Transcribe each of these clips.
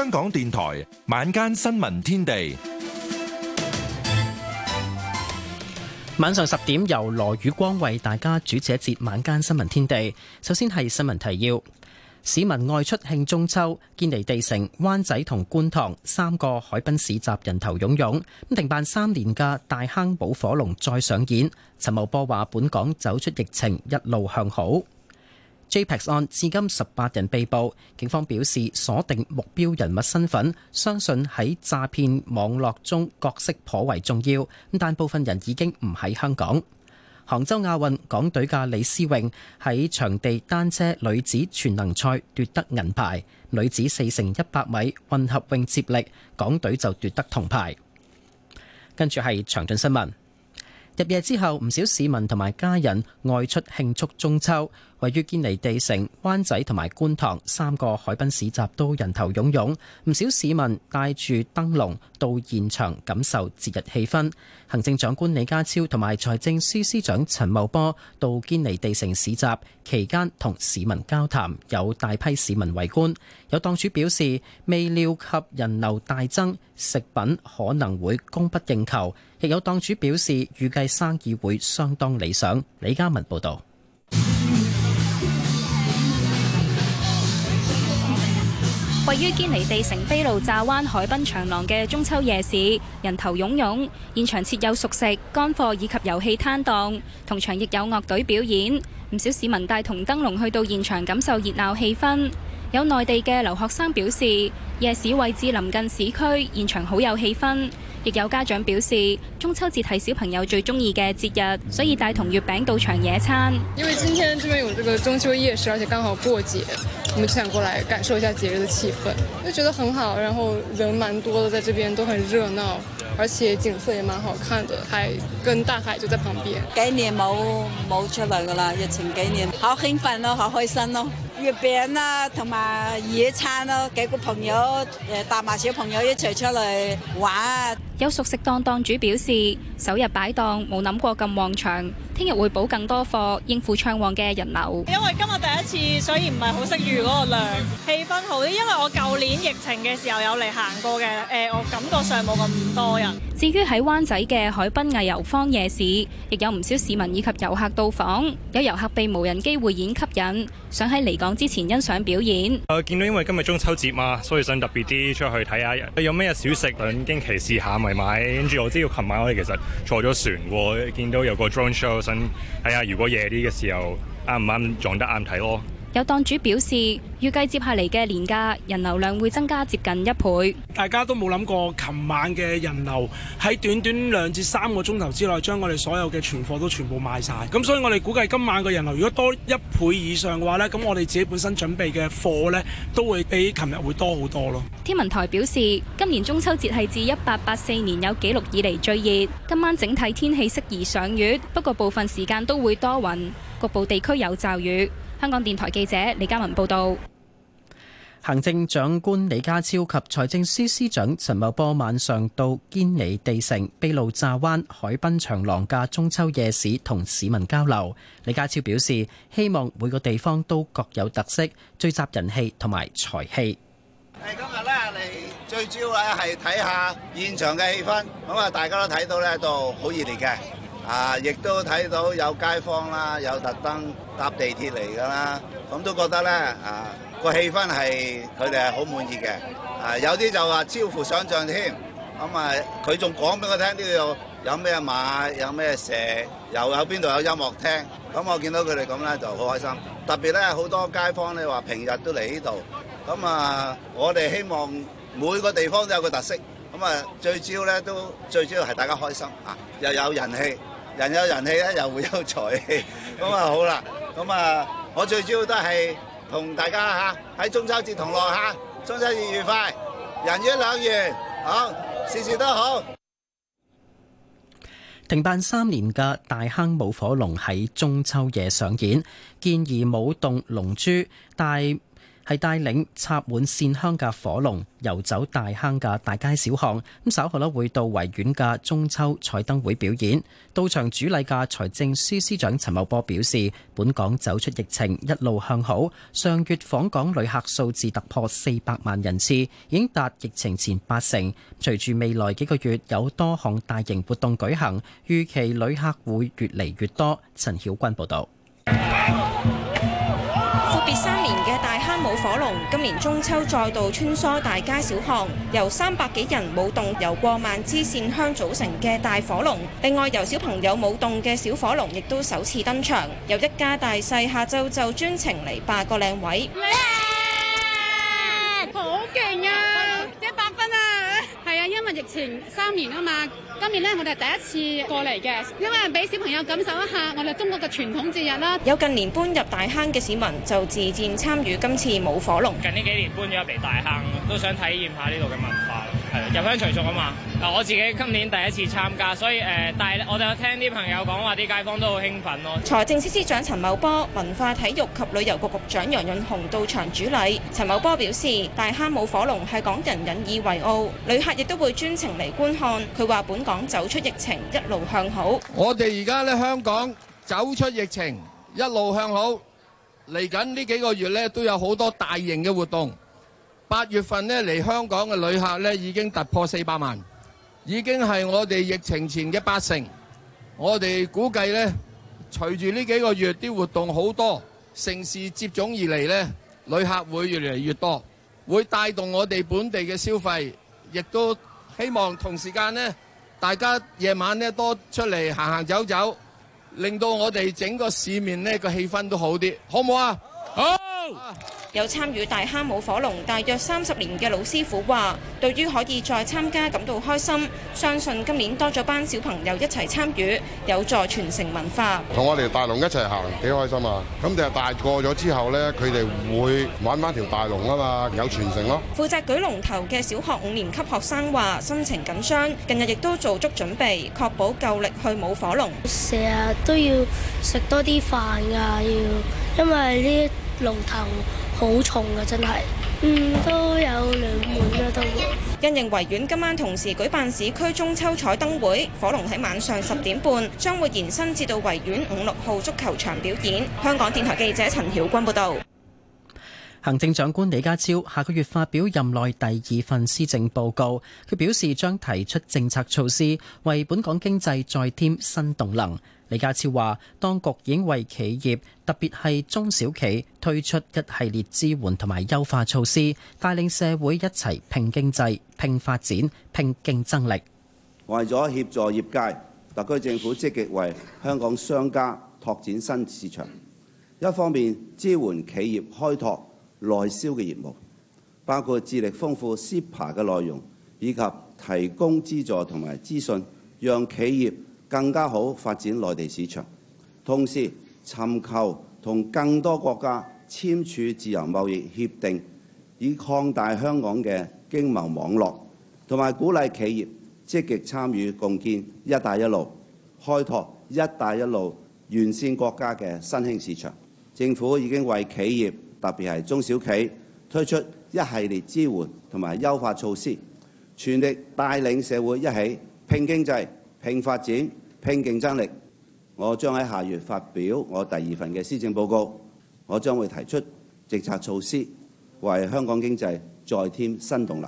香港電台晚間新聞天地，晚上十點由羅宇光為大家主持一節晚間新聞天地。首先係新聞提要：市民外出慶中秋，堅尼地城、灣仔同觀塘三個海濱市集人頭湧湧。咁停辦三年嘅大坑寶火龍再上演。陳茂波話：本港走出疫情，一路向好。JPEX 案至今十八人被捕，警方表示鎖定目標人物身份，相信喺詐騙網絡中角色頗為重要。但部分人已經唔喺香港。杭州亞運，港隊嘅李思穎喺場地單車女子全能賽奪得銀牌，女子四乘一百米混合泳接力，港隊就奪得銅牌。跟住係詳盡新聞。入夜之後，唔少市民同埋家人外出慶祝中秋。位於堅尼地城、灣仔同埋觀塘三個海濱市集都人頭湧湧，唔少市民帶住燈籠到現場感受節日氣氛。行政長官李家超同埋財政司司長陳茂波到堅尼地城市集期間同市民交談，有大批市民圍觀。有檔主表示，未料及人流大增，食品可能會供不應求；亦有檔主表示，預計生意會相當理想。李嘉文報導。位於堅尼地城卑路乍灣海濱長廊嘅中秋夜市人頭湧湧，現場設有熟食、乾貨以及遊戲攤檔，同場亦有樂隊表演。唔少市民帶同燈籠去到現場，感受熱鬧氣氛。有內地嘅留學生表示，夜市位置臨近市區，現場好有氣氛。亦有家長表示，中秋節係小朋友最鍾意嘅節日，所以帶同月餅到場野餐。因為今天這邊有這個中秋夜市，而且剛好過節，我們就想過來感受一下節日的氣氛，就覺得很好。然後人蠻多的，在這邊都很熱鬧，而且景色也蠻好看的，還跟大海就在旁邊。幾年冇冇出嚟㗎喇，疫情幾年，好興奮咯，好開心咯、哦。月餅啦，同埋野餐咯，幾個朋友誒，帶埋小朋友一齊出嚟玩。有熟食檔檔主表示，首日擺檔冇諗過咁旺場，聽日會補更多貨應付暢旺嘅人流。因為今日第一次，所以唔係好識預嗰個量。氣氛好啲，因為我舊年疫情嘅時候有嚟行過嘅，誒、呃，我感覺上冇咁多人。至於喺灣仔嘅海濱藝遊坊夜市，亦有唔少市民以及遊客到訪。有遊客被無人機匯演吸引，想喺離港之前欣賞表演。誒、呃，見到因為今日中秋節嘛，所以想特別啲出去睇下有咩小食，嚟驚奇試下咪買，買。跟住我知道，我琴晚我哋其實坐咗船喎、哦，見到有個 drone show，想睇下如果夜啲嘅時候，啱唔啱撞得啱睇咯。有檔主表示，預計接下嚟嘅年假人流量會增加接近一倍。大家都冇諗過，琴晚嘅人流喺短短兩至三個鐘頭之內，將我哋所有嘅存貨都全部賣晒。咁所以，我哋估計今晚嘅人流如果多一倍以上嘅話呢，咁我哋自己本身準備嘅貨呢，都會比琴日會多好多咯。天文台表示，今年中秋節係自一八八四年有記錄以嚟最熱。今晚整體天氣適宜上月，不過部分時間都會多雲，局部地區有驟雨。香港電台記者李嘉文報道，行政長官李家超及財政司司長陳茂波晚上到堅尼地城卑路乍灣海濱長廊嘅中秋夜市同市民交流。李家超表示，希望每個地方都各有特色，聚集人氣同埋財氣。今日呢，嚟，最主要咧係睇下現場嘅氣氛。咁啊，大家都睇到呢度好熱烈嘅。啊！亦都睇到有街坊啦，有特登搭地鐵嚟噶啦，咁都覺得呢啊個氣氛係佢哋係好滿意嘅。啊，有啲就話超乎想象添。咁啊，佢仲講俾我聽呢度有咩馬，有咩蛇，又有邊度有音樂廳。咁我見到佢哋咁呢就好開心。特別呢，好多街坊呢話平日都嚟呢度。咁啊，我哋希望每個地方都有個特色。咁啊，最主要呢都最主要係大家開心啊，又有人氣。人有人氣咧，又會有財氣，咁啊，好啦，咁啊我最主要都係同大家吓喺中秋節同樂吓，中秋節愉快，人月兩圓，好事事都好。停辦三年嘅大坑舞火龍喺中秋夜上演，健兒舞動龍珠，大係帶領插滿線香嘅火龍游走大坑嘅大街小巷，咁稍後咧，會到維園嘅中秋彩燈會表演。到場主禮嘅財政司司長陳茂波表示，本港走出疫情一路向好，上月訪港旅客數字突破四百萬人次，已經達疫情前八成。隨住未來幾個月有多項大型活動舉行，預期旅客會越嚟越多。陳曉君報道。闊別三年嘅大火龍今年中秋再度穿梭大街小巷，由三百幾人舞動由過萬支線香組成嘅大火龍。另外由小朋友舞動嘅小火龍亦都首次登場，有一家大細下晝就專程嚟霸個靚位。 疫情三年啊嘛，今年咧我哋係第一次過嚟嘅，因為俾小朋友感受一下我哋中國嘅傳統節日啦。有近年搬入大坑嘅市民就自薦參與今次舞火龍。近呢幾年搬咗入嚟大坑，都想體驗下呢度嘅文化。入鄉隨俗啊嘛！嗱，我自己今年第一次參加，所以誒、呃，但係我有聽啲朋友講話，啲街坊都好興奮咯。財政司司長陳茂波、文化體育及旅遊局局長楊潤雄到場主禮。陳茂波表示，大坑舞火龍係港人引以為傲，旅客亦都會專程嚟觀看。佢話：本港走出疫情，一路向好。我哋而家咧，香港走出疫情，一路向好。嚟緊呢幾個月咧，都有好多大型嘅活動。八月份呢嚟香港嘅旅客呢已經突破四百萬，已經係我哋疫情前嘅八成。我哋估計呢，隨住呢幾個月啲活動好多，城市接踵而嚟呢，旅客會越嚟越多，會帶動我哋本地嘅消費，亦都希望同時間呢，大家夜晚呢多出嚟行行走走，令到我哋整個市面呢個氣氛都好啲，好唔好啊？有參與大蝦舞火龍大約三十年嘅老師傅話，對於可以再參加感到開心，相信今年多咗班小朋友一齊參與，有助傳承文化。同我哋大龍一齊行，幾開心啊！咁第日大個咗之後呢，佢哋會玩翻條大龍啊嘛，有傳承咯。負責舉龍頭嘅小學五年級學生話，心情緊張，近日亦都做足準備，確保夠力去舞火龍。成日都要食多啲飯噶，要因為呢。龍頭好重啊！真係，嗯，都有兩門啊，都會。因應維園今晚同時舉辦市區中秋彩燈會，火龍喺晚上十點半將會延伸至到維園五六號足球場表演。香港電台記者陳曉君報道，行政長官李家超下個月發表任內第二份施政報告，佢表示將提出政策措施，為本港經濟再添新動能。李家超話，當局已經為企業，特別係中小企推出一系列支援同埋優化措施，帶領社會一齊拼經濟、拼發展、拼競爭力。為咗協助業界，特區政府積極為香港商家拓展新市場，一方面支援企業開拓內銷嘅業務，包括致力豐富 SIPA 嘅內容，以及提供資助同埋資訊，讓企業，更加好發展內地市場，同時尋求同更多國家簽署自由貿易協定，以擴大香港嘅經貿網絡，同埋鼓勵企業積極參與共建「一帶一路」，開拓「一帶一路」沿線國家嘅新興市場。政府已經為企業，特別係中小企推出一系列支援同埋優化措施，全力帶領社會一起拼經濟。拼發展、拼競爭力，我將喺下月發表我第二份嘅施政報告，我將會提出政策措施，為香港經濟再添新動力。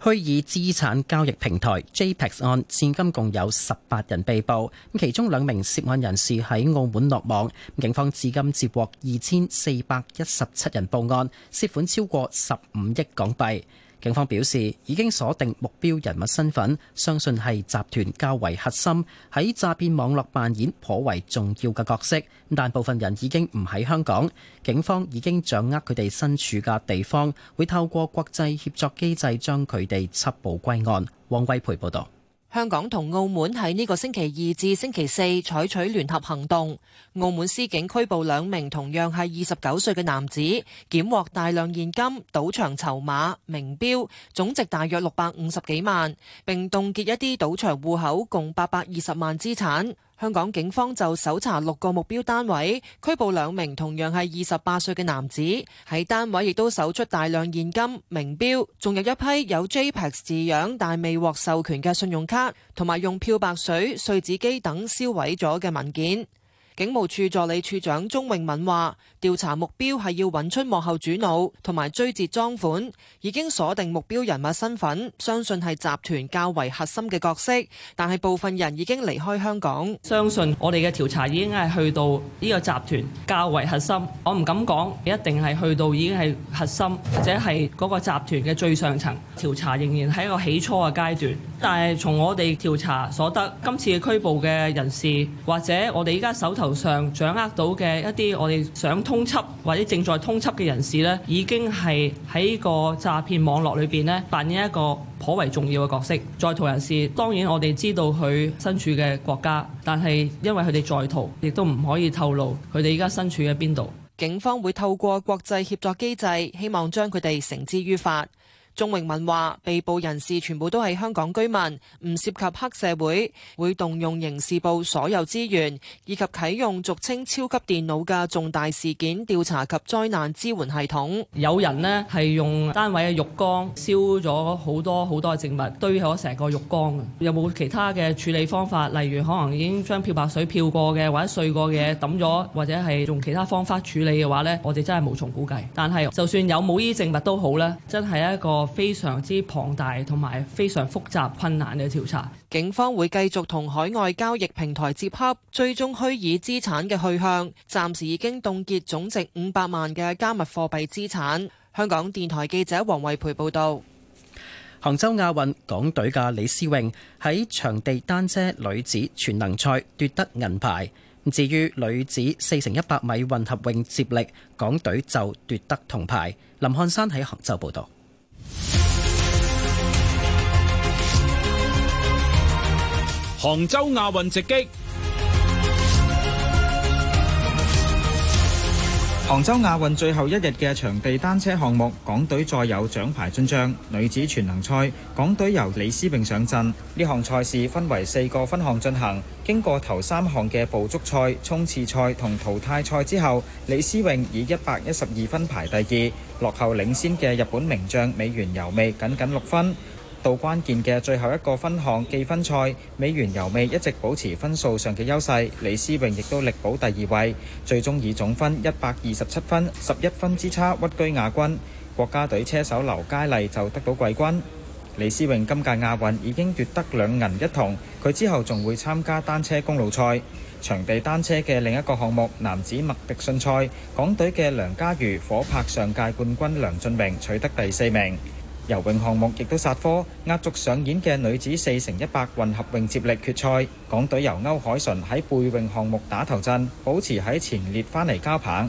虛擬資產交易平台 JPEX 案至今共有十八人被捕，咁其中兩名涉案人士喺澳門落網。警方至今接獲二千四百一十七人報案，涉款超過十五億港幣。警方表示，已經鎖定目標人物身份，相信係集團較為核心，喺詐騙網絡扮演頗為重要嘅角色。但部分人已經唔喺香港，警方已經掌握佢哋身處嘅地方，會透過國際協作機制將佢哋緝捕歸案。汪貴培報道。香港同澳門喺呢個星期二至星期四採取聯合行動，澳門司警拘捕兩名同樣係二十九歲嘅男子，檢獲大量現金、賭場籌碼、名表，總值大約六百五十幾萬，並凍結一啲賭場戶口，共八百二十萬資產。香港警方就搜查六個目標單位，拘捕兩名同樣係二十八歲嘅男子，喺單位亦都搜出大量現金、名錶，仲有一批有 JPEX 字樣但未獲授權嘅信用卡，同埋用漂白水、碎紙機等銷毀咗嘅文件。警務處助理處長鐘永敏話，調查目標係要揾出幕後主腦，同埋追截贓款，已經鎖定目標人物身份，相信係集團較為核心嘅角色。但係部分人已經離開香港，相信我哋嘅調查已經係去到呢個集團較為核心。我唔敢講，一定係去到已經係核心，或者係嗰個集團嘅最上層。調查仍然係一個起初嘅階段，但係從我哋調查所得，今次嘅拘捕嘅人士或者我哋依家手頭上掌握到嘅一啲我哋想通緝或者正在通緝嘅人士呢，已經係喺個詐騙網絡裏邊呢，扮演一個頗為重要嘅角色。在逃人士，當然我哋知道佢身處嘅國家，但係因為佢哋在逃，亦都唔可以透露佢哋依家身處喺邊度。警方會透過國際協作機制，希望將佢哋繩之於法。鍾榮文話：被捕人士全部都係香港居民，唔涉及黑社會，會動用刑事部所有資源，以及啟用俗稱超級電腦嘅重大事件調查及災難支援系統。有人呢，係用單位嘅浴缸燒咗好多好多嘅證物，堆喺成個浴缸。有冇其他嘅處理方法？例如可能已經將漂白水漂過嘅，或者碎過嘅抌咗，或者係用其他方法處理嘅話咧，我哋真係無從估計。但係就算有冇依證物都好咧，真係一個。非常之龐大，同埋非常複雜、困難嘅調查。警方會繼續同海外交易平台接洽，追蹤虛擬資產嘅去向。暫時已經凍結總值五百萬嘅加密貨幣資產。香港電台記者黃慧培報道，杭州亞運，港隊嘅李思穎喺場地單車女子全能賽奪得銀牌。至於女子四乘一百米混合泳接力，港隊就奪得銅牌。林漢山喺杭州報導。杭州亞運直擊。杭州亞運最後一日嘅場地單車項目，港隊再有獎牌進賬。女子全能賽，港隊由李思穎上陣。呢項賽事分為四個分項進行，經過頭三項嘅捕捉賽、衝刺賽同淘汰賽之後，李思穎以一百一十二分排第二。落後領先嘅日本名將美元油味僅僅六分。到關鍵嘅最後一個分項計分賽，美元油味一直保持分數上嘅優勢。李思穎亦都力保第二位，最終以總分一百二十七分，十一分之差屈居亞軍。國家隊車手劉佳麗就得到季軍。李思穎今屆亞運已經奪得兩銀一銅，佢之後仲會參加單車公路賽。場地單車嘅另一個項目，男子麥迪遜賽，港隊嘅梁家瑜火拍上屆冠軍梁俊榮取得第四名。游泳項目亦都殺科，壓軸上演嘅女子四乘一百混合泳接力決賽，港隊由歐海純喺背泳項目打頭陣，保持喺前列返嚟交棒。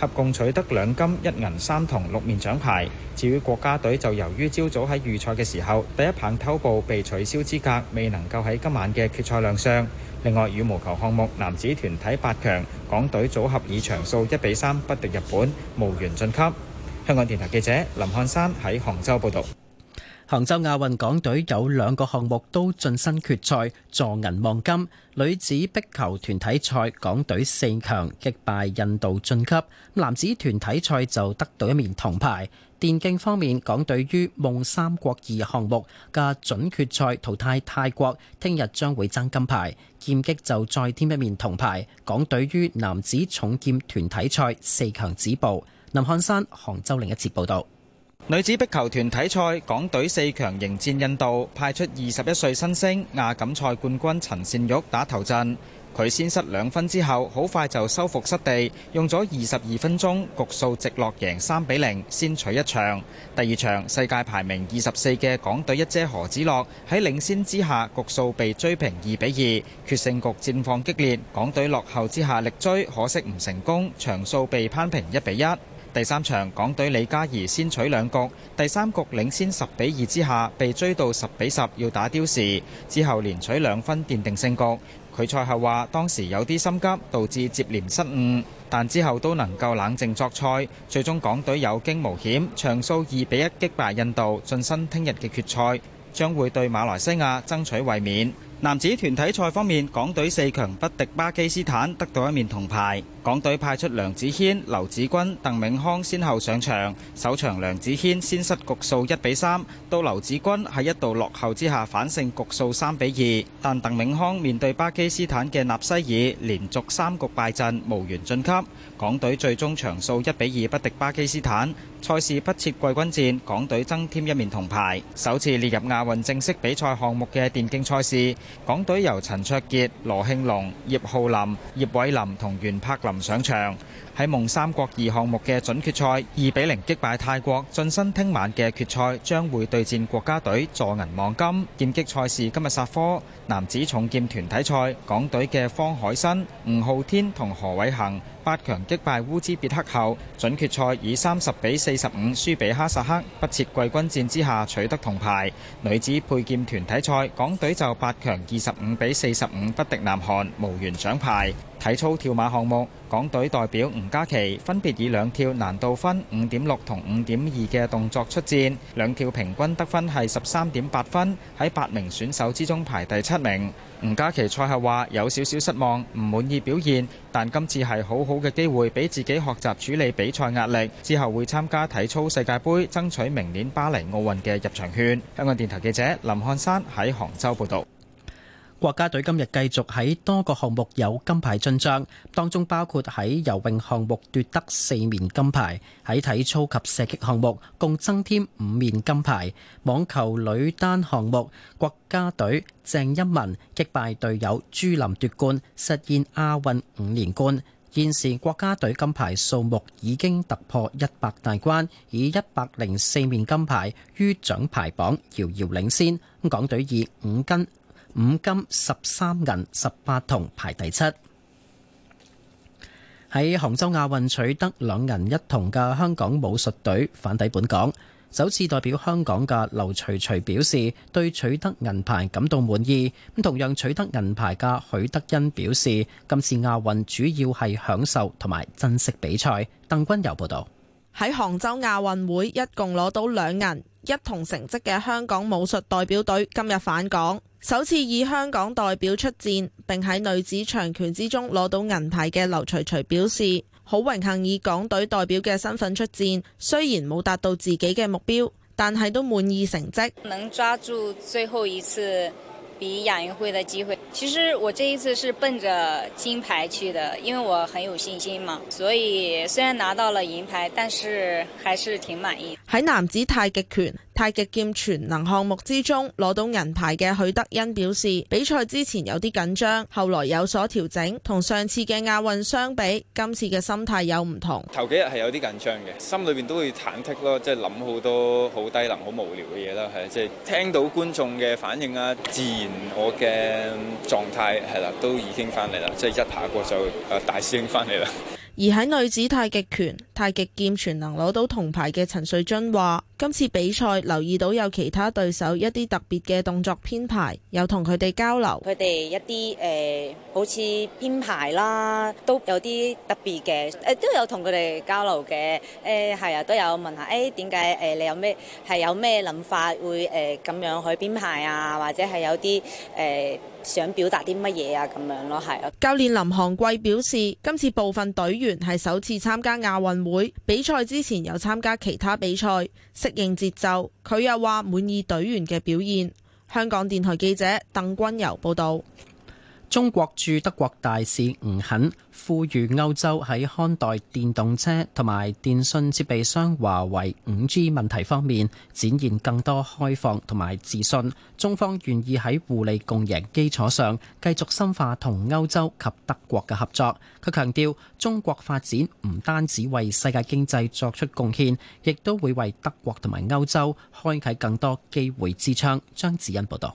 合共取得兩金一銀三銅六面獎牌。至於國家隊就由於朝早喺預賽嘅時候第一棒偷步被取消資格，未能夠喺今晚嘅決賽亮相。另外羽毛球項目男子團體八強，港隊組合以場數一比三不敵日本，無緣晉級。香港電台記者林漢山喺杭州報導。杭州亞運港隊有兩個項目都晉身決賽，助銀望金。女子壁球團體賽港隊四強擊敗印度晉級，男子團體賽就得到一面銅牌。電競方面，港隊於夢三國二項目嘅準決賽淘汰泰國，聽日將會爭金牌。劍擊就再添一面銅牌，港隊於男子重劍團體賽四強止步。林漢山，杭州另一次報道。女子壁球團體賽，港隊四強迎戰印度，派出二十一歲新星亞錦賽冠軍陳善玉打頭陣。佢先失兩分之後，好快就收復失地，用咗二十二分鐘，局數直落贏三比零，先取一場。第二場，世界排名二十四嘅港隊一姐何子樂喺領先之下，局數被追平二比二，決勝局戰況激烈，港隊落後之下力追，可惜唔成功，場數被攀平一比一。第三場，港隊李嘉怡先取兩局，第三局領先十比二之下，被追到十比十，要打刁時，之後連取兩分奠定勝局。佢賽後話：當時有啲心急，導致接連失誤，但之後都能夠冷靜作賽，最終港隊有驚無險，場數二比一擊敗印度，晉身聽日嘅決賽，將會對馬來西亞爭取衛冕。男子團體賽方面，港隊四強不敵巴基斯坦，得到一面銅牌。港隊派出梁子軒、劉子君、鄧永康，先後上場。首場梁子軒先失局數一比三，到劉子君喺一度落後之下反勝局數三比二。但鄧永康面對巴基斯坦嘅納西爾，連續三局敗陣，無緣晉級。港隊最終場數一比二不敵巴基斯坦。賽事不設季軍戰，港隊增添一面銅牌。首次列入亞運正式比賽項目嘅電競賽事，港隊由陳卓傑、羅慶龍、葉浩林、葉偉林同袁柏林。上場喺夢三國二項目嘅準決賽，二比零擊敗泰國，晉身聽晚嘅決賽，將會對戰國家隊助銀望金。劍擊賽事今日殺科，男子重劍團體賽，港隊嘅方海新、吳浩天同何偉恆八強擊敗烏茲別克後，準決賽以三十比四十五輸俾哈薩克，不設季軍戰之下取得銅牌。女子佩劍團體賽，港隊就八強二十五比四十五不敵南韓，無緣獎牌。體操跳馬項目，港隊代表吳家琪分別以兩跳難度分五點六同五點二嘅動作出戰，兩跳平均得分係十三點八分，喺八名選手之中排第七名。吳家琪賽後話：有少少失望，唔滿意表現，但今次係好好嘅機會，俾自己學習處理比賽壓力。之後會參加體操世界盃，爭取明年巴黎奧運嘅入場券。香港電台記者林漢山喺杭州報導。國家隊今日繼續喺多個項目有金牌進帳，當中包括喺游泳項目奪得四面金牌，喺體操及射擊項目共增添五面金牌。網球女單項目，國家隊鄭欽文擊敗隊友朱琳奪冠，實現亞運五連冠。現時國家隊金牌數目已經突破一百大關，以一百零四面金牌於獎牌榜遙遙領先。港隊以五金五金十三銀十八銅排第七。喺杭州亞運取得兩銀一銅嘅香港武術隊返抵本港。首次代表香港嘅劉徐徐表示，對取得銀牌感到滿意。咁同樣取得銀牌嘅許德恩表示，今次亞運主要係享受同埋珍惜比賽。鄧君游報道。喺杭州亞運會一共攞到兩銀一銅成績嘅香港武術代表隊今日返港。首次以香港代表出戰，並喺女子長拳之中攞到銀牌嘅劉徐徐表示：好榮幸以港隊代表嘅身份出戰，雖然冇達到自己嘅目標，但係都滿意成績。能抓住最後一次比亞運會嘅機會，其實我這一次是奔着金牌去的，因為我很有信心嘛。所以雖然拿到了銀牌，但是還是挺滿意。喺男子太極拳、太極劍全能項目之中攞到銀牌嘅許德恩表示，比賽之前有啲緊張，後來有所調整。同上次嘅亞運相比，今次嘅心態有唔同。頭幾日係有啲緊張嘅，心裏邊都會忐忑咯，即係諗好多好低能、好無聊嘅嘢啦。係即係聽到觀眾嘅反應啊，自然我嘅狀態係啦都已經翻嚟啦，即係一下過就誒大師兄翻嚟啦。而喺女子太極拳、太極劍全能攞到銅牌嘅陳瑞津話。今次比賽留意到有其他對手一啲特別嘅動作編排，有同佢哋交流，佢哋一啲誒、呃，好似編排啦，都有啲特別嘅，誒、呃、都有同佢哋交流嘅，誒、呃、係啊，都有問下，誒點解誒你有咩係有咩諗法會誒咁、呃、樣去編排啊，或者係有啲誒、呃、想表達啲乜嘢啊咁樣咯，係、啊。教練林航貴表示，今次部分隊員係首次參加亞運會，比賽之前有參加其他比賽，.應節奏，佢又話滿意隊員嘅表現。香港電台記者鄧君柔報道。中國駐德國大使吳懇呼籲歐洲喺看待電動車同埋電信設備商華為五 G 問題方面展現更多開放同埋自信，中方願意喺互利共贏基礎上繼續深化同歐洲及德國嘅合作。佢強調，中國發展唔單止為世界經濟作出貢獻，亦都會為德國同埋歐洲開啟更多機會之窗。張子欣報道。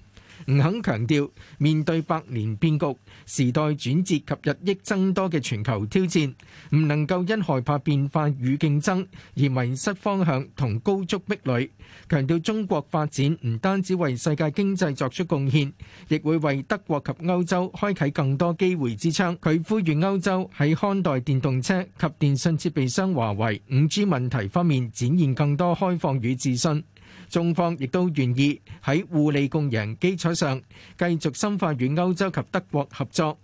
唔肯強調面對百年變局、時代轉折及日益增多嘅全球挑戰，唔能夠因害怕變化與競爭而迷失方向同高築壁壘。強調中國發展唔單止為世界經濟作出貢獻，亦會為德國及歐洲開啓更多機會之窗。佢呼籲歐洲喺看待電動車及電信設備商華為五 G 問題方面，展現更多開放與自信。中方亦都願意喺互利共贏基礎上，繼續深化與歐洲及德國合作。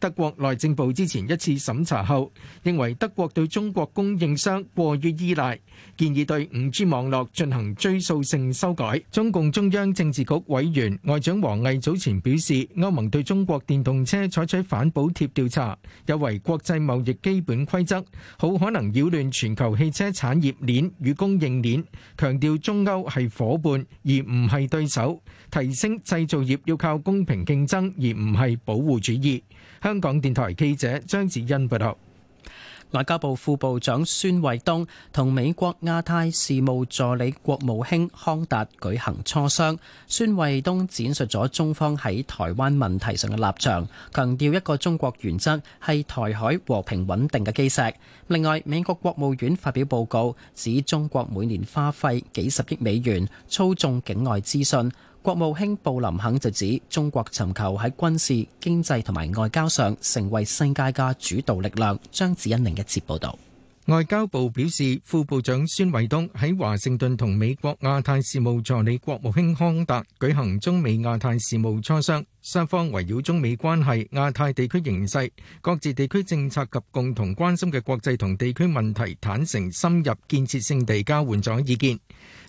德國內政部之前一次審查後，認為德國對中國供應商過於依賴，建議對五 G 網絡進行追溯性修改。中共中央政治局委員外長王毅早前表示，歐盟對中國電動車採取反補貼調查，有違國際貿易基本規則，好可能擾亂全球汽車產業鏈與供應鏈。強調中歐係夥伴而唔係對手，提升製造業要靠公平競爭而唔係保護主義。香港電台記者張子欣報道，外交部副部長孫衛東同美國亞太事務助理國務卿康達舉行磋商。孫衛東展述咗中方喺台灣問題上嘅立場，強調一個中國原則係台海和平穩定嘅基石。另外，美國國務院發表報告，指中國每年花費幾十億美元操縱境外資訊。國務卿布林肯就指，中國尋求喺軍事、經濟同埋外交上成為世界嘅主導力量。張子欣另一節報道，外交部表示，副部長孫衛東喺華盛頓同美國亞太事務助理國務卿康達舉行中美亞太事務磋商，雙方圍繞中美關係、亞太地區形勢、各自地區政策及共同關心嘅國際同地區問題，坦誠深入、建設性地交換咗意見。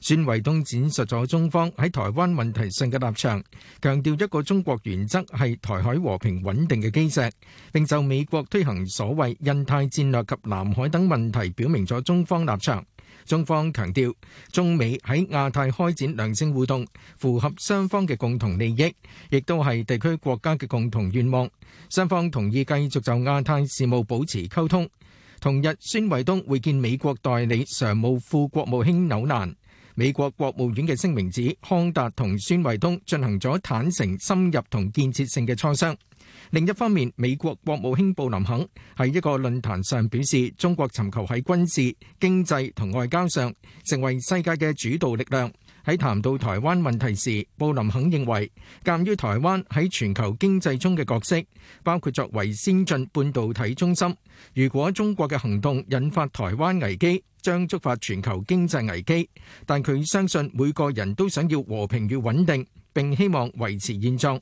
孫衛東展述咗中方喺台灣問題上嘅立場，強調一個中國原則係台海和平穩定嘅基石。並就美國推行所謂印太戰略及南海等問題，表明咗中方立場。中方強調，中美喺亞太開展良性互動，符合雙方嘅共同利益，亦都係地區國家嘅共同願望。雙方同意繼續就亞太事務保持溝通。同日，孫衛東會見美國代理常務副國務卿紐南。美國國務院嘅聲明指，康達同孫衛東進行咗坦誠、深入同建設性嘅磋商。另一方面，美國國務卿布林肯喺一個論壇上表示，中國尋求喺軍事、經濟同外交上成為世界嘅主導力量。喺談到台灣問題時，布林肯認為，鑑於台灣喺全球經濟中嘅角色，包括作為先進半導體中心，如果中國嘅行動引發台灣危機。將觸發全球經濟危機，但佢相信每個人都想要和平與穩定，並希望維持現狀。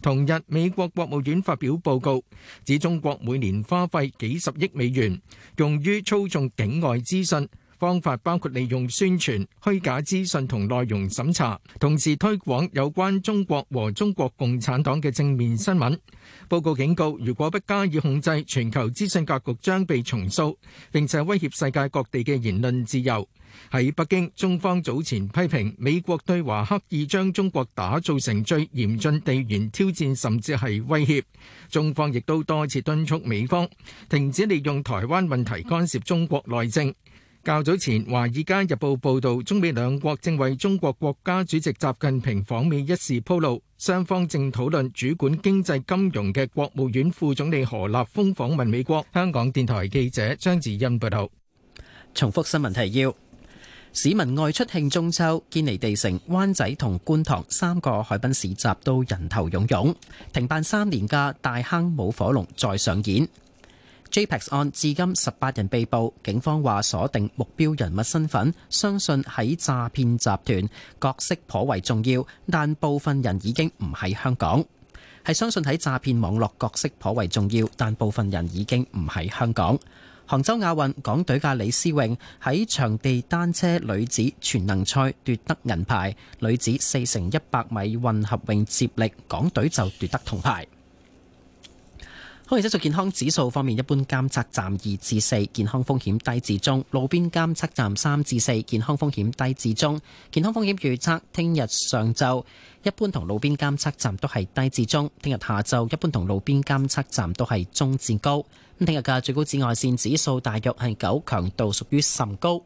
同日，美國國務院發表報告，指中國每年花費幾十億美元，用於操縱境外資訊，方法包括利用宣傳、虛假資訊同內容審查，同時推廣有關中國和中國共產黨嘅正面新聞。報告警告，如果不加以控制，全球資訊格局將被重塑，並且威脅世界各地嘅言論自由。喺北京，中方早前批評美國對華刻意將中國打造成最嚴峻地緣挑戰，甚至係威脅。中方亦都多次敦促美方停止利用台灣問題干涉中國內政。較早前，《華爾街日報》報道中美兩國正為中國國家主席習近平訪美一事鋪路，雙方正討論主管經濟金融嘅國務院副總理何立峰訪問美國。香港電台記者張智欣報道。重複新聞提要：市民外出慶中秋，堅尼地城、灣仔同觀塘三個海濱市集都人頭湧湧。停辦三年嘅大坑舞火龍再上演。JPEX 案至今十八人被捕，警方話鎖定目標人物身份，相信喺詐騙集團角色頗為重要，但部分人已經唔喺香港。係相信喺詐騙網絡角色頗為重要，但部分人已經唔喺香港。杭州亞運港隊嘅李思穎喺場地單車女子全能賽奪得銀牌，女子四乘一百米混合泳接力，港隊就奪得銅牌。空氣質素健康指數方面，一般監測站二至四，健康風險低至中；路邊監測站三至四，健康風險低至中。健康風險預測：聽日上晝一般同路邊監測站都係低至中；聽日下晝一般同路邊監測站都係中至高。咁聽日嘅最高紫外線指數大約係九，強度屬於甚高。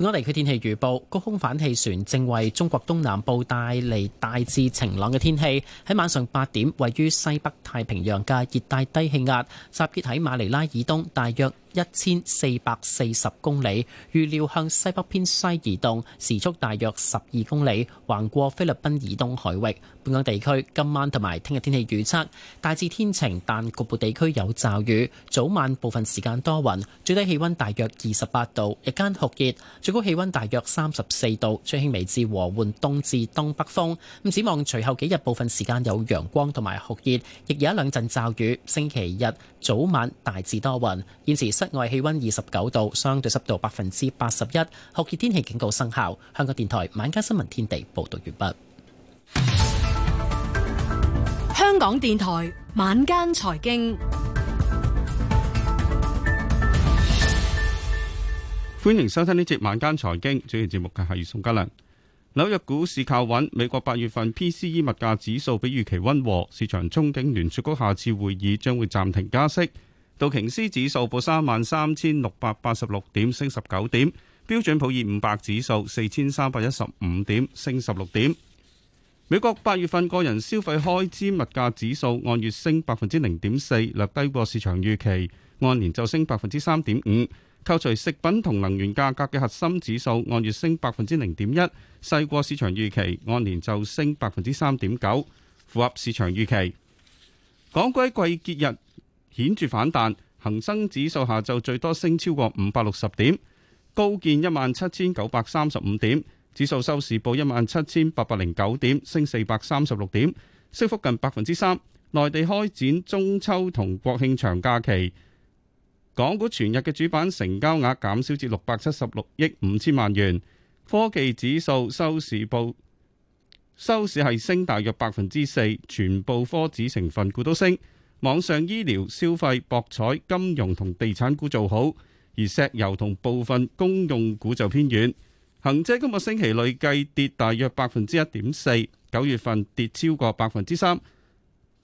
我哋嘅天氣預報，高空反氣旋正為中國東南部帶嚟大致晴朗嘅天氣。喺晚上八點，位於西北太平洋嘅熱帶低氣壓集結喺馬尼拉以東，大約。一千四百四十公里，km, 預料向西北偏西移動，時速大約十二公里，橫過菲律賓以東海域。本港地區今晚同埋聽日天氣預測，大致天晴，但局部地區有驟雨，早晚部分時間多雲，最低氣溫大約二十八度，日間酷熱，最高氣溫大約三十四度，最輕微至和緩東至東北風。咁展望隨後幾日部分時間有陽光同埋酷熱，亦有一兩陣驟雨。星期日。早晚大致多雲，現時室外氣溫二十九度，相對濕度百分之八十一，酷熱天氣警告生效。香港電台晚間新聞天地報道完畢。香港電台晚間財經，歡迎收聽呢節晚間財經，主持節目嘅係宋嘉良。紐約股市靠穩，美國八月份 PCE 物價指數比預期溫和，市場憧憬聯儲局下次會議將會暫停加息。道瓊斯指數報三萬三千六百八十六點，升十九點；標準普爾五百指數四千三百一十五點，升十六點。美國八月份個人消費開支物價指數按月升百分之零點四，略低過市場預期，按年就升百分之三點五。扣除食品同能源價格嘅核心指數按月升百分之零點一，細過市場預期；按年就升百分之三點九，符合市場預期。港股喺季節日顯著反彈，恒生指數下晝最多升超過五百六十點，高見一萬七千九百三十五點。指數收市報一萬七千八百零九點，升四百三十六點，升幅近百分之三。內地開展中秋同國慶長假期。港股全日嘅主板成交額減少至六百七十六億五千萬元。科技指數收市報收市係升大約百分之四，全部科指成分股都升。網上醫療、消費、博彩、金融同地產股做好，而石油同部分公用股就偏軟。恒指今個星期累計跌大約百分之一點四，九月份跌超過百分之三，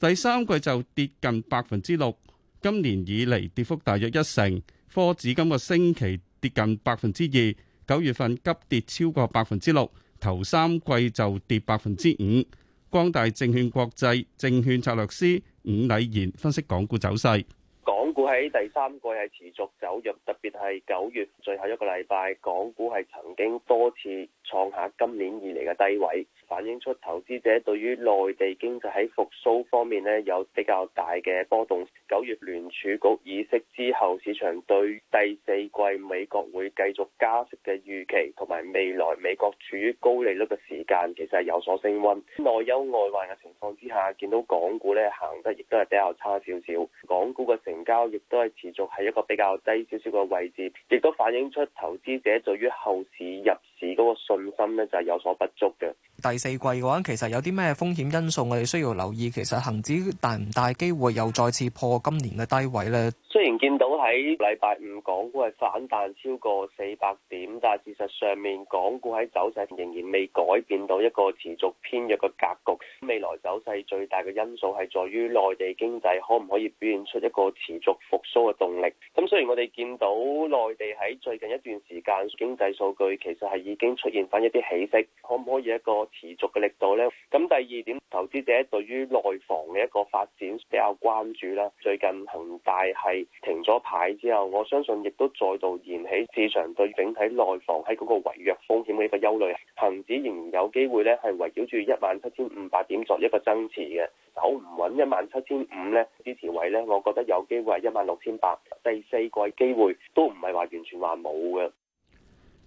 第三季就跌近百分之六。今年以嚟跌幅大約一成，科指今個星期跌近百分之二，九月份急跌超過百分之六，頭三季就跌百分之五。光大證券國際證券策略師伍禮賢分析港股走勢。港股喺第三季係持續走弱，特別係九月最後一個禮拜，港股係曾經多次創下今年以嚟嘅低位。反映出投資者對於內地經濟喺復蘇方面咧有比較大嘅波動。九月聯儲局議息之後市場對第四季美國會繼續加息嘅預期，同埋未來美國處於高利率嘅時間其實係有所升温。內憂外患嘅情況之下，見到港股咧行得亦都係比較差少少，港股嘅成交亦都係持續喺一個比較低少少嘅位置，亦都反映出投資者對於後市入市。市嗰個信心咧就係有所不足嘅。第四季嘅話，其實有啲咩風險因素，我哋需要留意。其實恒指大唔大機會又再次破今年嘅低位咧？雖然見到喺禮拜五港股係反彈超過四百點，但係事實上面港股喺走勢仍然未改變到一個持續偏弱嘅格局。未來走勢最大嘅因素係在於內地經濟可唔可以表現出一個持續復甦嘅動力。咁雖然我哋見到內地喺最近一段時間經濟數據其實係已經出現返一啲起色，可唔可以一個持續嘅力度呢？咁第二點，投資者對於內房嘅一個發展比較關注啦。最近恒大係停咗牌之後，我相信亦都再度燃起市場對整體內房喺嗰個違約風險嘅一個憂慮。恒指仍然有機會咧，係圍繞住一萬七千五百點作一個增持嘅。走唔穩一萬七千五呢，支持位呢，我覺得有機會係一萬六千八。第四季機會都唔係話完全話冇嘅。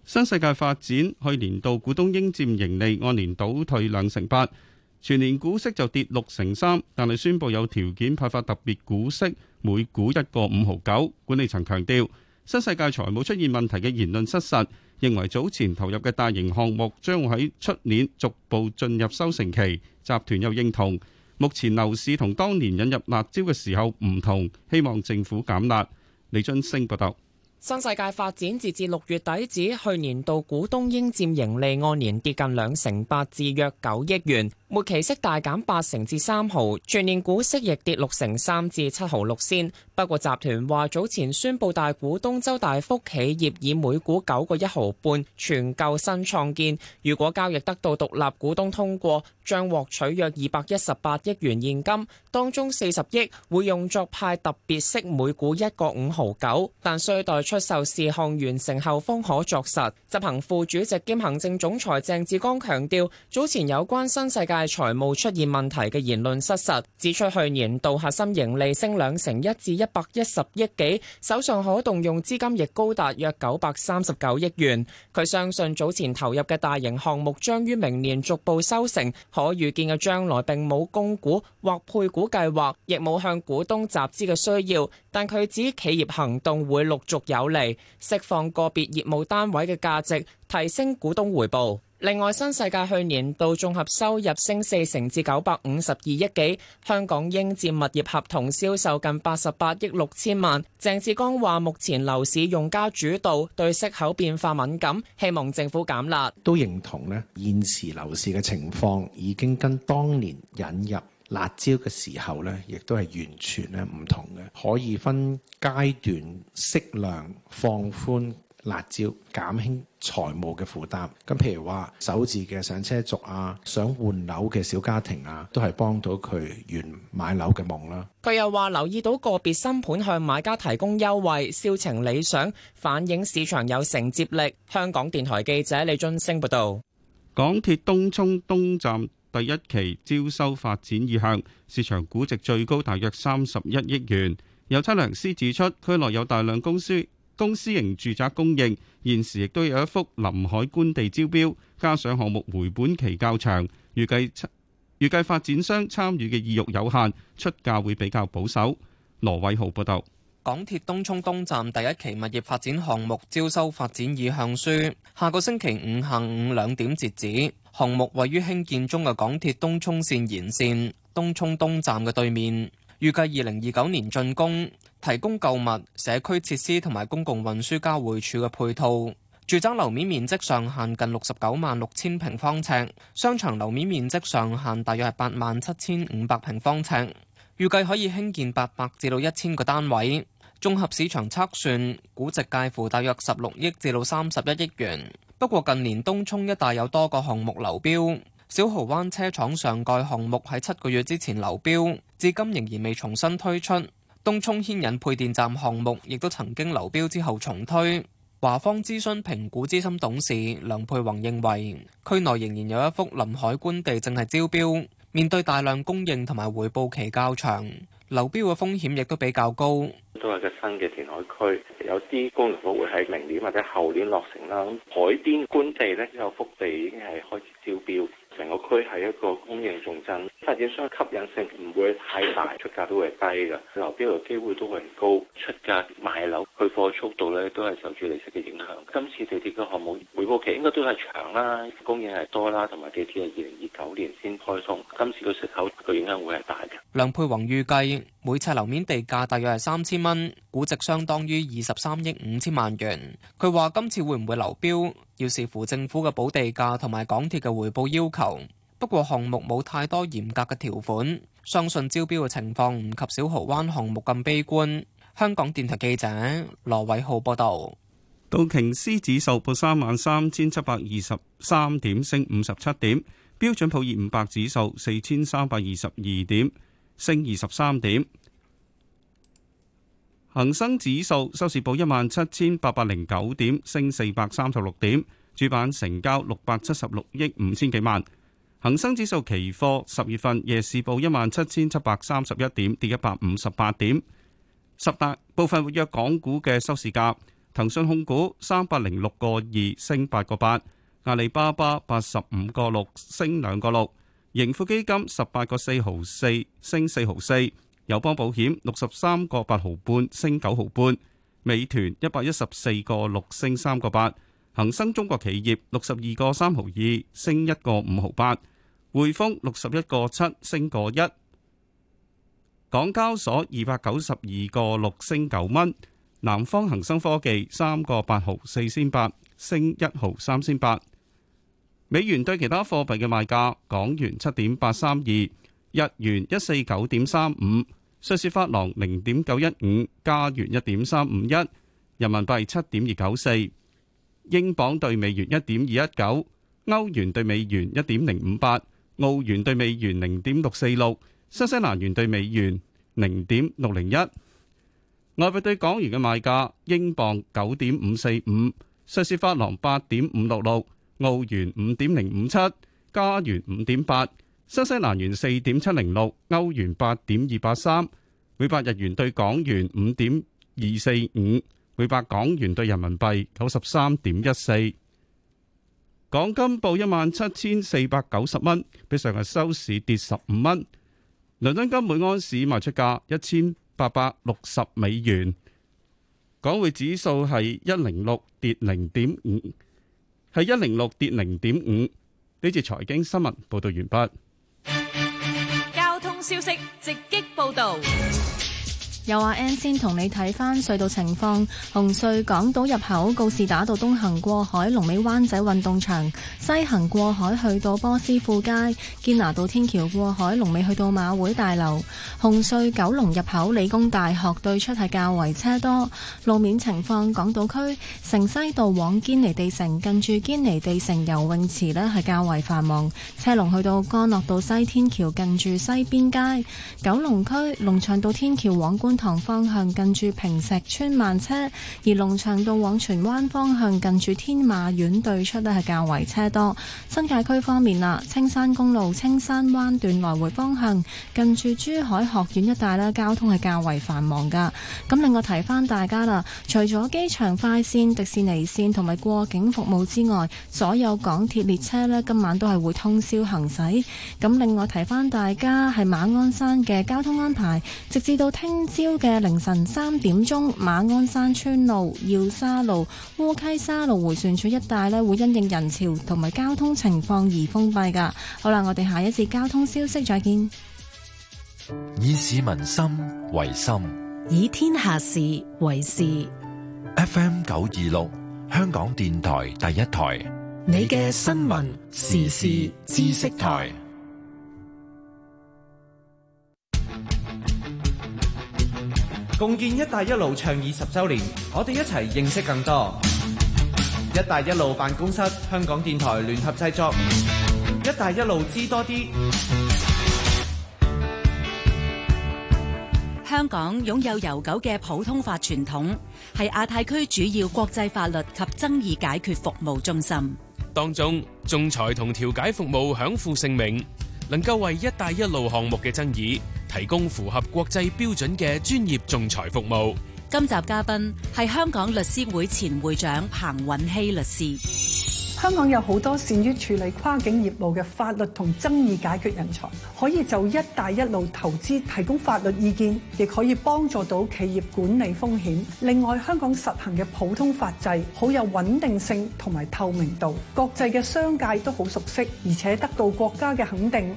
新世界發展去年度股東應佔盈利按年倒退兩成八，全年股息就跌六成三，但係宣布有條件派發特別股息。每股一個五毫九，管理層強調新世界財務出現問題嘅言論失實，認為早前投入嘅大型項目將會喺出年逐步進入收成期。集團又認同目前樓市同當年引入辣招嘅時候唔同，希望政府減辣。李津升報道，新世界發展截至六月底止，去年度股東應佔盈利按年跌近兩成八，至約九億元。末期息大減八成至三毫，全年股息亦跌六成三至七毫六仙。不過集團話早前宣布大股東周大福企業以每股九個一毫半全購新創建，如果交易得到獨立股東通過，將獲取約二百一十八億元現金，當中四十億會用作派特別息每股一個五毫九，但需待出售事項完成後方可作實。執行副主席兼行政總裁鄭志剛強調，早前有關新世界。大財務出現問題嘅言論失實，指出去年度核心盈利升兩成一至一百一十億幾，手上可動用資金亦高達約九百三十九億元。佢相信早前投入嘅大型項目將於明年逐步收成，可預見嘅將來並冇供股或配股計劃，亦冇向股東集資嘅需要。但佢指企業行動會陸續有利釋放個別業務單位嘅價值，提升股東回報。另外，新世界去年度綜合收入升四成至九百五十二億幾，香港應佔物業合同銷售近八十八億六千萬。鄭志剛話：目前樓市用家主導，對息口變化敏感，希望政府減辣。都認同呢，現時樓市嘅情況已經跟當年引入辣招嘅時候呢，亦都係完全咧唔同嘅，可以分階段適量放寬辣招減輕財務嘅負擔，咁譬如話，首置嘅上車族啊，想換樓嘅小家庭啊，都係幫到佢圓買樓嘅夢啦。佢又話留意到個別新盤向買家提供優惠，銷情理想，反映市場有承接力。香港電台記者李津升報道：「港鐵東涌東站第一期招收發展意向，市場估值最高大約三十一億元。有測量師指出，區內有大量公司公司型住宅供應，現時亦都有一幅臨海官地招標，加上項目回本期較長，預計預計發展商參與嘅意欲有限，出價會比較保守。羅偉豪報道。港鐵東涌東站第一期物業發展項目招收發展意向書下個星期五下午兩點截止。項目位於興建中嘅港鐵東涌綫延線東涌東站嘅對面，預計二零二九年竣工。提供購物、社區設施同埋公共運輸交匯處嘅配套。住宅樓面面積上限近六十九萬六千平方尺，商場樓面面積上限大約係八萬七千五百平方尺。預計可以興建八百至到一千個單位。綜合市場測算，估值介乎大約十六億至到三十一億元。不過，近年東涌一帶有多個項目流標，小蠔灣車廠上蓋項目喺七個月之前流標，至今仍然未重新推出。東涌牽引配電站項目亦都曾經流標之後重推，華方諮詢評估資深董事梁佩宏認為，區內仍然有一幅臨海官地正係招標，面對大量供應同埋回報期較長，流標嘅風險亦都比較高。都係個新嘅填海區，有啲功能會喺明年或者後年落成啦。海邊官地呢，有幅地已經係開始招標。成個區係一個供應重鎮，發展商吸引性唔會太大，出價都會低嘅，流標嘅機會都唔會高，出價買樓、去貨速度咧都係受住利息嘅影響。今次地鐵嘅項目回報期應該都係長啦，供應係多啦，同埋地鐵係二零二九年先開通，今次嘅食口嘅影響會係大嘅。梁佩宏預計每尺樓面地價大約係三千蚊，估值相當於二十三億五千萬元。佢話今次會唔會流標？要視乎政府嘅補地價同埋港鐵嘅回報要求，不過項目冇太多嚴格嘅條款，相信招標嘅情況唔及小濠灣項目咁悲觀。香港電台記者羅偉浩報道，道瓊斯指數報三萬三千七百二十三點，升五十七點；標準普爾五百指數四千三百二十二點，升二十三點。恒生指數收市報一萬七千八百零九點，升四百三十六點。主板成交六百七十六億五千幾萬。恒生指數期貨十月份夜市報一萬七千七百三十一點，跌一百五十八點。十大部分活躍港股嘅收市價：騰訊控股三百零六個二升八個八，阿里巴巴八十五個六升兩個六，盈富基金十八個四毫四升四毫四。 友邦保險六十三個八毫半，升九毫半；美團一百一十四個六，升三個八；恒生中國企業六十二個三毫二，升一個五毫八；匯豐六十一個七，升個一；港交所二百九十二個六，升九蚊；南方恒生科技三個八毫四仙八，升一毫三仙八；美元對其他貨幣嘅賣價，港元七點八三二，日元一四九點三五。瑞士法郎零點九一五，加元一點三五一，人民幣七點二九四，英鎊兌美元一點二一九，歐元兌美元一點零五八，澳元兌美元零點六四六，新西蘭元兌美元零點六零一。外幣對港元嘅賣價：英鎊九點五四五，瑞士法郎八點五六六，澳元五點零五七，加元五點八。新西蘭元四點七零六，歐元八點二八三，每百日元對港元五點二四五，每百港元對人民幣九十三點一四。港金報一萬七千四百九十蚊，比上日收市跌十五蚊。倫敦金每安士賣出價一千八百六十美元。港匯指數係一零六，跌零點五，係一零六跌零點五。呢次財經新聞報道完畢。消息直擊報道。又話 N 先同你睇翻隧道情況，紅隧港島入口告士打道東行過海，龍尾灣仔運動場西行過海去到波斯富街堅拿道天橋過海，龍尾去到馬會大樓。紅隧九龍入口理工大學對出係較為車多，路面情況港島區城西道往堅尼地城近住堅尼地城游泳池呢係較為繁忙，車龍去到干諾道西天橋近住西邊街，九龍區龍翔道天橋往觀。塘方向近住坪石邨慢車，而龍翔道往荃灣方向近住天馬苑對出咧係較為車多。新界區方面啦，青山公路青山灣段來回方向近住珠海學院一帶咧，交通係較為繁忙噶。咁另外提翻大家啦，除咗機場快線、迪士尼線同埋過境服務之外，所有港鐵列車咧今晚都係會通宵行駛。咁另外提翻大家係馬鞍山嘅交通安排，直至到聽朝嘅凌晨三點鐘，馬鞍山村路、耀沙路、烏溪沙路回旋處一帶呢，會因應人潮同埋交通情況而封閉噶。好啦，我哋下一節交通消息再見。以市民心為心，以天下事為事。F M 九二六，香港電台第一台，你嘅新聞時事知識台。共建“一帶一路”倡議十周年，我哋一齊認識更多“一帶一路”辦公室，香港電台聯合製作，《一帶一路》知多啲。香港擁有悠久嘅普通法傳統，係亞太區主要國際法律及爭議解決服務中心。當中，仲裁同調解服務享負盛名，能夠為“一帶一路”項目嘅爭議。提供符合國際標準嘅專業仲裁服務。今集嘉賓係香港律師會前會長彭允熙律師。香港有好多善於處理跨境業務嘅法律同爭議解決人才，可以就一帶一路投資提供法律意見，亦可以幫助到企業管理風險。另外，香港實行嘅普通法制好有穩定性同埋透明度，國際嘅商界都好熟悉，而且得到國家嘅肯定。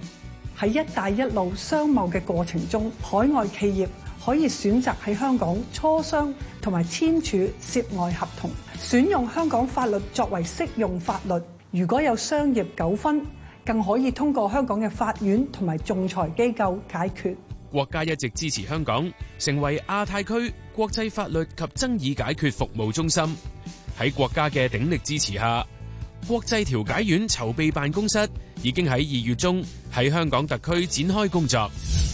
喺一帶一路商貿嘅過程中，海外企業可以選擇喺香港磋商同埋簽署涉外合同，選用香港法律作為適用法律。如果有商業糾紛，更可以通過香港嘅法院同埋仲裁機構解決。國家一直支持香港成為亞太區國際法律及爭議解決服務中心。喺國家嘅鼎力支持下，國際調解院籌備辦公室已經喺二月中喺香港特區展開工作，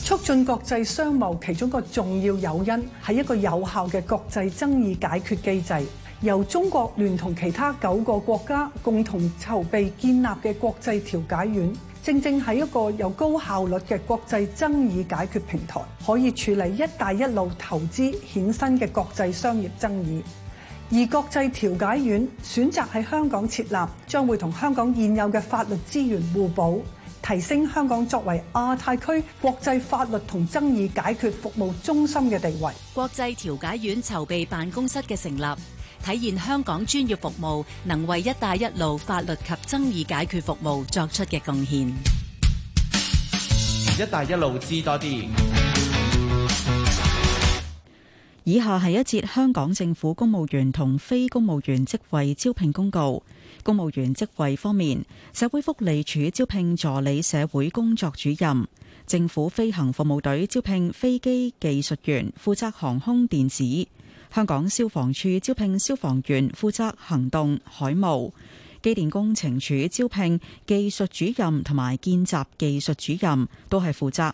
促進國際商貿其中一個重要誘因係一個有效嘅國際爭議解決機制，由中國聯同其他九個國家共同籌備建立嘅國際調解院，正正係一個有高效率嘅國際爭議解決平台，可以處理一帶一路投資衍生嘅國際商業爭議。而國際調解院選擇喺香港設立，將會同香港現有嘅法律資源互補，提升香港作為亞太區國際法律同爭議解決服務中心嘅地位。國際調解院籌備辦公室嘅成立，體現香港專業服務，能為「一帶一路」法律及爭議解決服務作出嘅貢獻。「一帶一路」知多啲。以下係一節香港政府公務員同非公務員職位招聘公告。公務員職位方面，社會福利署招聘助理社會工作主任；政府飛行服務隊招聘飛機技術員，負責航空電子；香港消防處招聘消防員，負責行動海務；機電工程署招聘技術主任同埋見習技術主任，都係負責。